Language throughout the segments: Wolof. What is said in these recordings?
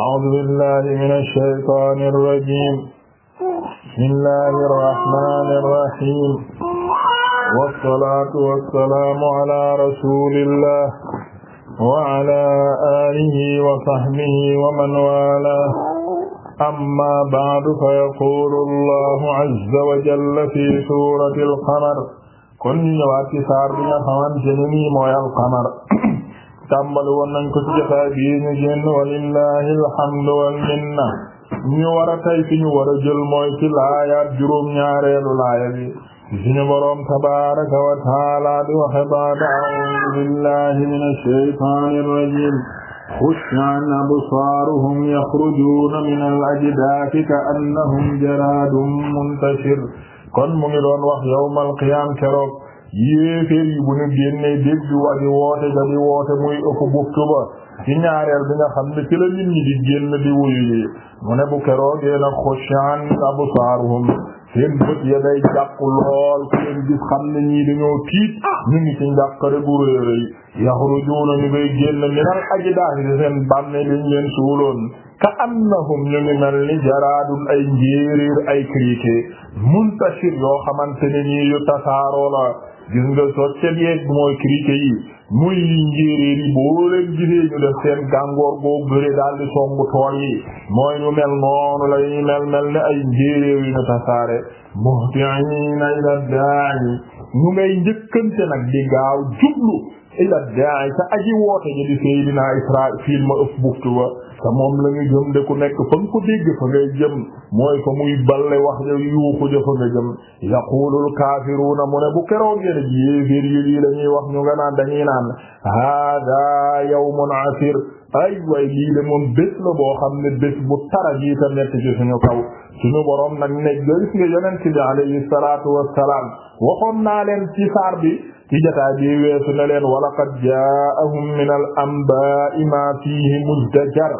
أعوذ بالله من الشيطان الرجيم بسم الله الرحمن الرحيم والصلاة والسلام على رسول الله وعلى آله وصحبه ومن والاه أما بعد فيقول الله عز وجل في سورة القمر kon ñu ñëwaat ci saar bi nga xamante ne nii mooy alqamar tàmbali woon nañ ko ci jotaay bii ñu génn walillahi alhamdu wal minna ñu war a tey fi ñu war a jël mooy ci laayaat juróom ñaareelu laaya bi suñu boroom tabaraka wa taala di waxe baada a'uudu billahi min ashaytaani irrajim xushan absaaruhum yaxrujuuna min al ajdaasi ka annahum jaraadun muntashir kon mu ngi doon wax yawmal qiyaam keroog yéeféer yi bu ñu dég bi wa di woote ga bi woote muy ëpp buftu ba ci ñaareel bi nga xam ne ci la nit ñi di génn di wuyu yi mu ne bu keroogee nag xushan absaaruhum seen bët ya day jàpp lool ku leen gis xam ne ñii dañoo tiit ah! ñu ngi ci njàqare gu réeréy yaxrujuuna ñu bay génn minal ajdaas yi seen bàmme liñ leen suuloon ka annahum ñu ngi mel ni jaraadul ay njéeréer ay criquet muntashir yoo xamante ne ñii yu tasaaroo la gis nga soccet yeeg mooy criquet yi muy yi njéeréer boo leen gisee ñu def seen gàngoor boo bëre daal di songu tool yi mooy ñu mel noonu la mel mel ne ay njéeréer yu ñu tasaare muhti'ina ila da'i ñu ngay njëkkante nag di gaaw jublu ila da'i sa aji woote ji di Seydina Israfil ma ëf buftu wa te moom la ñu jëm de ku nekk fa nga ko dégg fa ngay jëm mooy fa muy balle wax ja yuuxu ja fa nga jëm yaqulul kaafiruuna mu ne bu keroo ngeen ji yéeféer yi lii la ñuy wax ñu nga naan dañuy naan hada yawmun asir ay way lii de moom bés la boo xam ne bés bu tara jii ta metti ci suñu kaw suñu boroom nag ne gis nga yonent bi alayhi salaatu wassalaam waxoon naa leen ci saar bi ci jotaay bi weesu na leen walaqad jaa'ahum min al anbaa'i maa muzdajar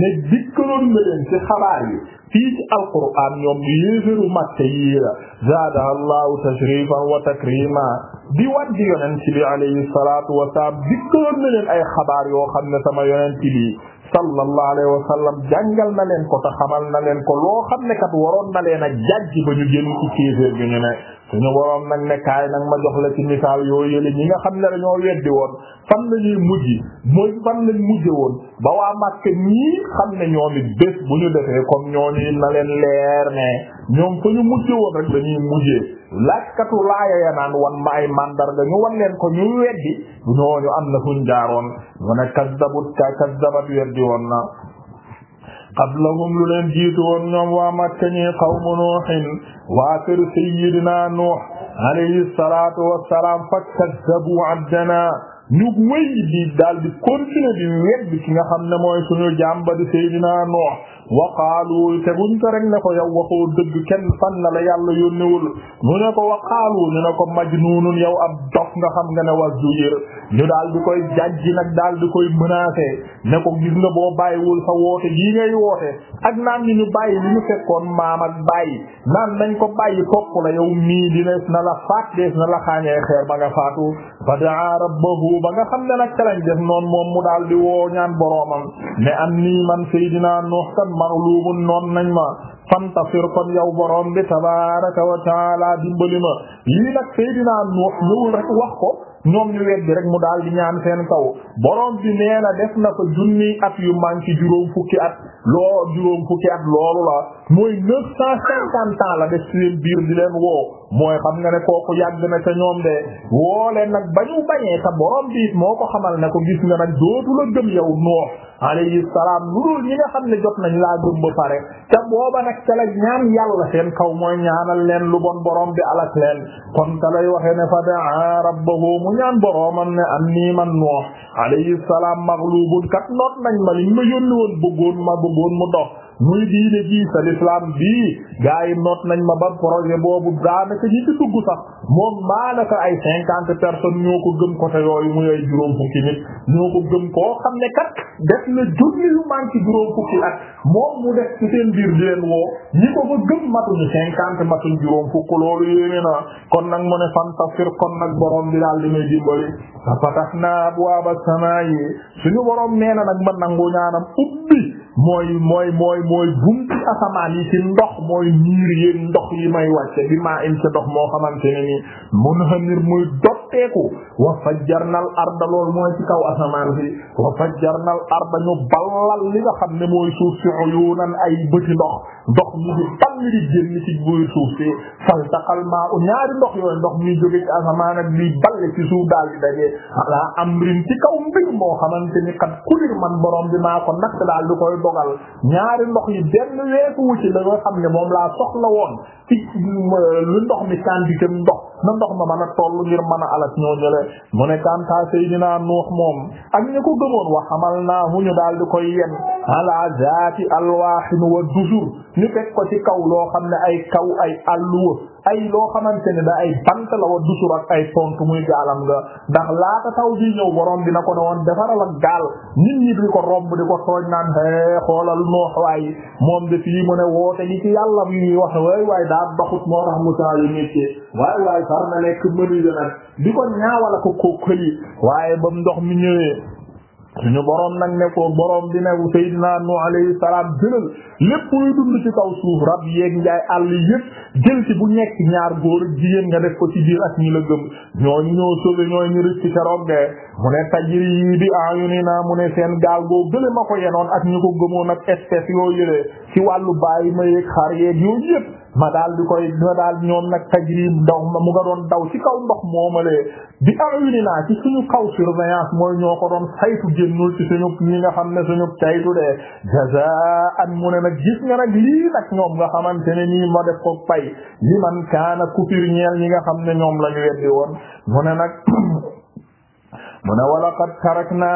ne dikkaloon na leen ci xabaar yi fii ci alquraan ñoom bi yéeféru Makka yi la zaadaha allahu tashrifan wa takrima di wat di yonent bi alayhi salatu wasalaam dikkaloon ay xabaar yoo xam ne sama yonent bi sallallahu alayhi wa sallam jàngal na leen ko te xamal na leen ko loo xam ne kat waroon na leen a jàjj ba ñu génn ci ne suñu boroom nag ne kaay nag ma jox la ci misaal yoo yële ñi nga xam ne dañoo weddi woon fan na ñuy mujj mooy fan lañ mujje woon ba waa Makka ñii xam ne ñoom it bés bu ñu defee comme ñooñu na leen leer ne ñoom fa ñu mujje woon rek dañuy mujje laajkatu laaya ya naan wan ma ay mandarga ñu wan leen ko ñu weddi ñooñu am na fuñ jaaroon mu ne kaddabu kaddabat weddi woon na qablahum lu leen jiitu woon ñoom waa Makka ñi qawmu Nuuhin waa kër Seydina Nuuh alayhi salaatu wassalaam fakazzabu abdana ñu wéy di daal di continuer di wedd ki nga xam ne mooy suñu jàmba di Seydina Nuuh waqaalu te buñ ko rek ne ko yow waxoo dëgg kenn fan na la yàlla yónnewul mu ne ko waqaalu ñu ne ko majnuunun yow ab dof nga xam nga ne was du yër ñu daal di koy jajji nag daal di koy menacé ne ko gis nga boo bàyyiwul sa woote gii ngay woote ak naan ñu ñu bàyyi li ñu fekkoon maam ak bàyyi naan nañ ko bàyyi topp la yow mii dines na la faat dees na la xaañee xeer ba nga faatu fa daa ba nga xam ne nag ca lañ def noonu moom mu daal di woo ñaan boroomam maghlubun noon nañ ma fantafir kon yow borom bi tabaraka wa taala dimbali ma lii nag Seydina Nuux ñëwul rek wax ko ñoom ñu weddi rek mu daal di ñaan seen kaw borom bi nee na def na ko junni at yu manqué juróom fukki at loo juróom fukki at loolu la mooy neuf cent cinquante ans la def seen biir di leen woo mooy xam nga ne kooku yàgg na ca ñoom de woo leen nag ba ñu bañee te borom bi moo ko xamal ne ko gis nga nag dootu la gëm yow noox alayhi salaam lu dul ñi nga xam ne jot nañ laa gëm ba pare te booba nag ca la ñaan yàlla seen kaw mooy ñaanal leen lu bon boroom bi alak leen kon mu ñaan boroomam ne am nii man Nuux alayhi salaam maghlubun kat noot nañ ma liñ ma woon bëggoon ma bëggoon mu dox muy diine ji sa l'islam bii gaa noot nañ ma ba projet boobu daanaka ñi ci dugg sax moom maanaka ay cinquante personnes ñoo ko gëm côté yooyu muy ay juróom fukki nit ñoo ko gëm koo xam ne kat def na junni lu man juróom fukki at moom mu def ci seen biir leen woo ñi ko fa gëm matuñu cinquante matuñ juróom fukk loolu yéene na kon nag mu ne fantasir kon nag borom bi daal di may dimbali fa fatahna abwaaba samaa'i suñu borom nee na nag ma nangu ñaanam mooy mooy mooy mooy bunti asamaan yi ci ndox mooy niir yi ndox yi may wàcce bi ma im dox ndox moo xamante ne ni munhamir muy dotteeku wa fajjarnal arda lool mooy ci kaw asamaan si wa fajjarnal arda ñu ballal li nga xam ne mooy suuf si uyunan ay bëti ndox ndox mi di ball di génn ci buur suuf si faltaqal maa u ñaari ndox yooyu ndox mi jóge ci asamaan ak li ball ci suuf amrin ci kaw mbir koo xamante ni kat kulir man borom bi maa ko natt daal di koy dogal ñaari ndox yi benn weesu wu la nga xam ne moom laa soxla woon ci euh, lu ndox mi quantité ndox na ndox ma mën a toll ngir mën a alas ñoo ñële mu ne kanta Seydina Nuux moom ak ñu ko gëmoon wa xamal naa hu ñu daal di koy yen ala zaati alwaahin wa dusur ñu teg ko ci kaw loo xam ne ay kaw ay alluwa ay loo xamante ne da ay bant la wa dusur ak ay tontu muy gaalam nga ndax laata taw bi ñëw borom bi na ko ne woon defaral ak gaal nit ñi di ko romb di ko tooñ naan xoolal noox waay moom de fii mu ne woote gi ci yàlla mi ñuy wax waay waay daa doxut moo tax mu yu nit ci waay waay far na nekk mënu nag di ko ñaawal ko ko këli waaye bam ndox mi ñëwee suñu boroom nag ne ko boroom bi ne Seydina Nuh alayhi salaam jëlal lépp luy dund ci kaw suuf rab yeeg njaay àll yëpp jël ci bu nekk ñaar góor ak jigéen nga def ko ci biir ak ñi la gëm ñooñu ñoo sauvé ñooy ñu rëcc keroog de mu ne tajir yi bi ayunina mu ne seen gaal ma ko yenoon ak ñu ko gëmoon ak espèce yoo yëlee ci wàllu bàyyi ma yeeg xar yeeg yooyu yëpp ma daal di koy ma daal ñoom nag tajir yi ndox ma mu doon daw ci kaw ndox moomalee bi ayunina ci suñu kaw surveillance mooy ñoo ko doon saytu génnul ci suñu ñi nga xam ne suñu saytu de jazaan mu ne nag gis nga nag lii nag ñoom xamante ne nii ma def ko pay li man kaana kufir nga xam ne ñoom la ñu weddi woon mu nag mu ne wala qad tarakna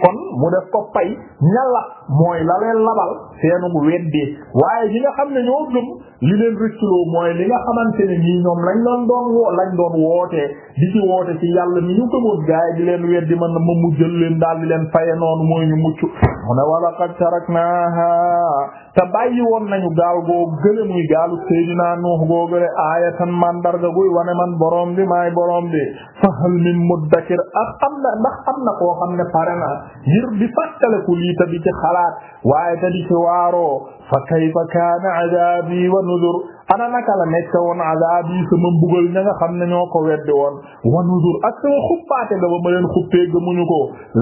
kon mu def ko pay ñalla mooy lalen leen labal seenu mu weddee waaye ñi nga xam ne ñoo gëm li leen rëcculoo mooy li nga xamante ne ñii ñoom lañ doon doon lañ doon wootee di ci woote ci yàlla mi ñu gëmoon gaay di leen weddi man na ma mu jël leen daal di leen faye noonu mooy ñu mucc mu ne walaqad taraknaaha te bàyyi woon nañu gaal goo gële muy gaalu Seydina Nuux goo gële aayatan mandarga guy wane man borom bi maay borom bi fa hal min muddakir ak na ndax koo xam ne pare na ngir di fàttaliku lii te di ci xalaat waaye te di ci fa kayfa kaana adaabi wa nuzur ana naka la nekk woon alaabi sama mbugal ña nga xam ne ñoo ko weddi woon wanuzur ak sama xuppaate ga ba ma leen xuppee gëmuñu ko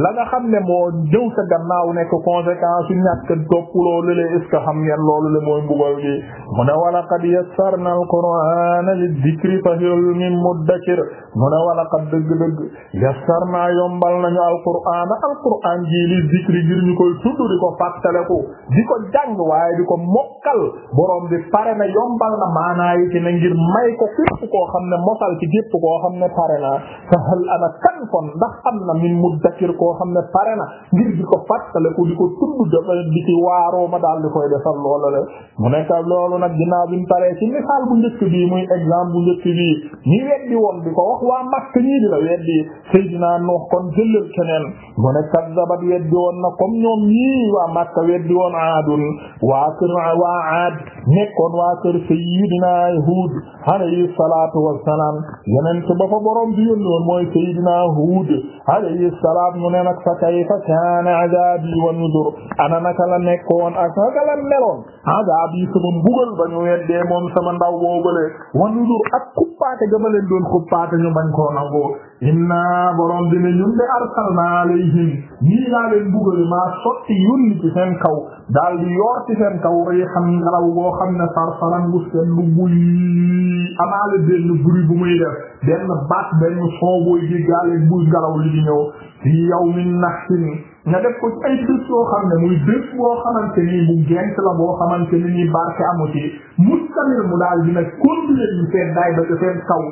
la nga xam ne moo jëw sa gannaaw nekk conséquence yu ñàkk topp loolu le est-ce que xam ngeen loolu le mooy mbugal gi mu ne wala qad yassarna alqur'ana lidhikri fahal min muddakir mo ne wala qad dëgg-dëgg yassarna yombal nañu alqur'ana alqur'an ji lidhikri ngir ñu koy tudd di ko fàttaleku di ko jàng waaye di ko mokkal borom bi pare na leeral na maanaa yi ci ne ngir may ko képp koo xam ne mosal ci képp koo xam ne pare na fa hal ana kan kon ndax am na min muddakir koo xam ne pare na ngir di ko fàttale ko di ko tudd dafa di ci waaroo ma daal di koy defal loolu le mu nekk loolu nag ginnaaw bi mu paree ci misaal bu njëkk bi muy exemple bu njëkk bi ñi weddi woon di ko wax waa Makka ñii di la weddi Seydina Nuux kon jëlal keneen mu ne kaddabat weddi woon na comme ñoom waa Makka weddi woon Aadun waa kër sayyidina Huud alayhi salaatu wassalaam yonent ba fa borom bi yónni woon mooy sayyidina Huud alayhi salaam mu ne nag fa kayfa kaana azaabi wa nuzur ana naka la nekkoon ak naka la meloon sama mbugal ba ñu weddee moom sama ndaw boobale wa nuzur ak kuppaate ga doon kuppaate ñu bañ koo inna borom bi ne ñun de arsalna alayhim nii laa leen maa sotti yónni ci seen kaw daal di yor ci seen kaw xam ngelaw boo xam ne sarsaran bu seen lu buy amaale benn bruit bu muy def na baat benn son booy jéggaale bu galaw li di ñëw fii yawmin nahsin nga def ko ay bés yoo xam ne muy bés boo xamante ni bu gent la boo xamante ni ñuy barke amu ci mustamir mu daal dina continuer ñu seen daay ba ci seen kaw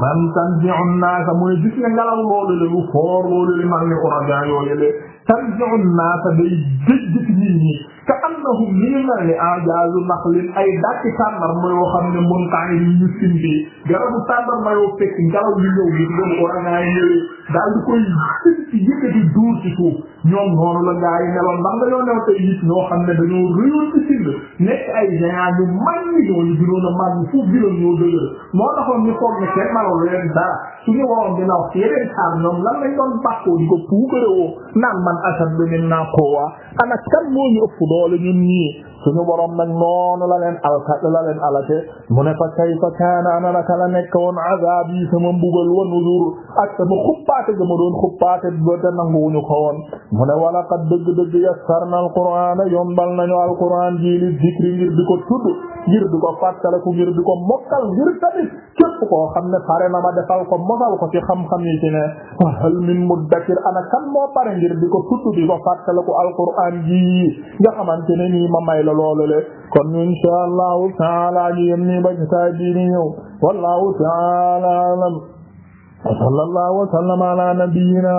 bam tan ji on naasa mooy gis nga ngelaw loolu le lu foor loolu li man ni ouragan yooyu le tarji'u an-naasa day dëjj ci nit ñi ka annahum li ñu mel ni ajaazu naxlin ay dàkki tàndarma yoo xam ne montagne yi ñu simbi garabu tàndarma yoo fekk ngelaw li ñëw yi doon ko ràññaa ñëwee daal di koy simbi yëkkati duur ci suuf ñoom noonu la gaa yi meloon ay géant yu mag a mag ñi foofu gënoon ñoo dëgër moo taxoon ñu foog ne kenn maloo leen dara la leen alka alate mu ne fa kayfa kaana ana naka la nekk woon azab yi sama mbugal wa nuzur ak sama xuppaate ga ma doon xuppaate ba te nanguwuñu ko woon mu ne wala qad dëgg-dëgg yassarna alqur'ana yombal nañu alqur'an ji li dikri ngir di ko tudd ngir ko fàttaliku ngir ko mokkal ngir ne pare na ma defal ko mosal ko ci xam-xam yi ci ne wa hal min muddakir ana kan moo pare ngir ko tudd di ko fàttaliku alqur'an ji nga xamante ne nii ma may la loolu le kon insha allahu taala ñu yem nii ba ci saa ji ni ñëw wallahu taala alam wa sallallahu wa sallama ala nabiyyina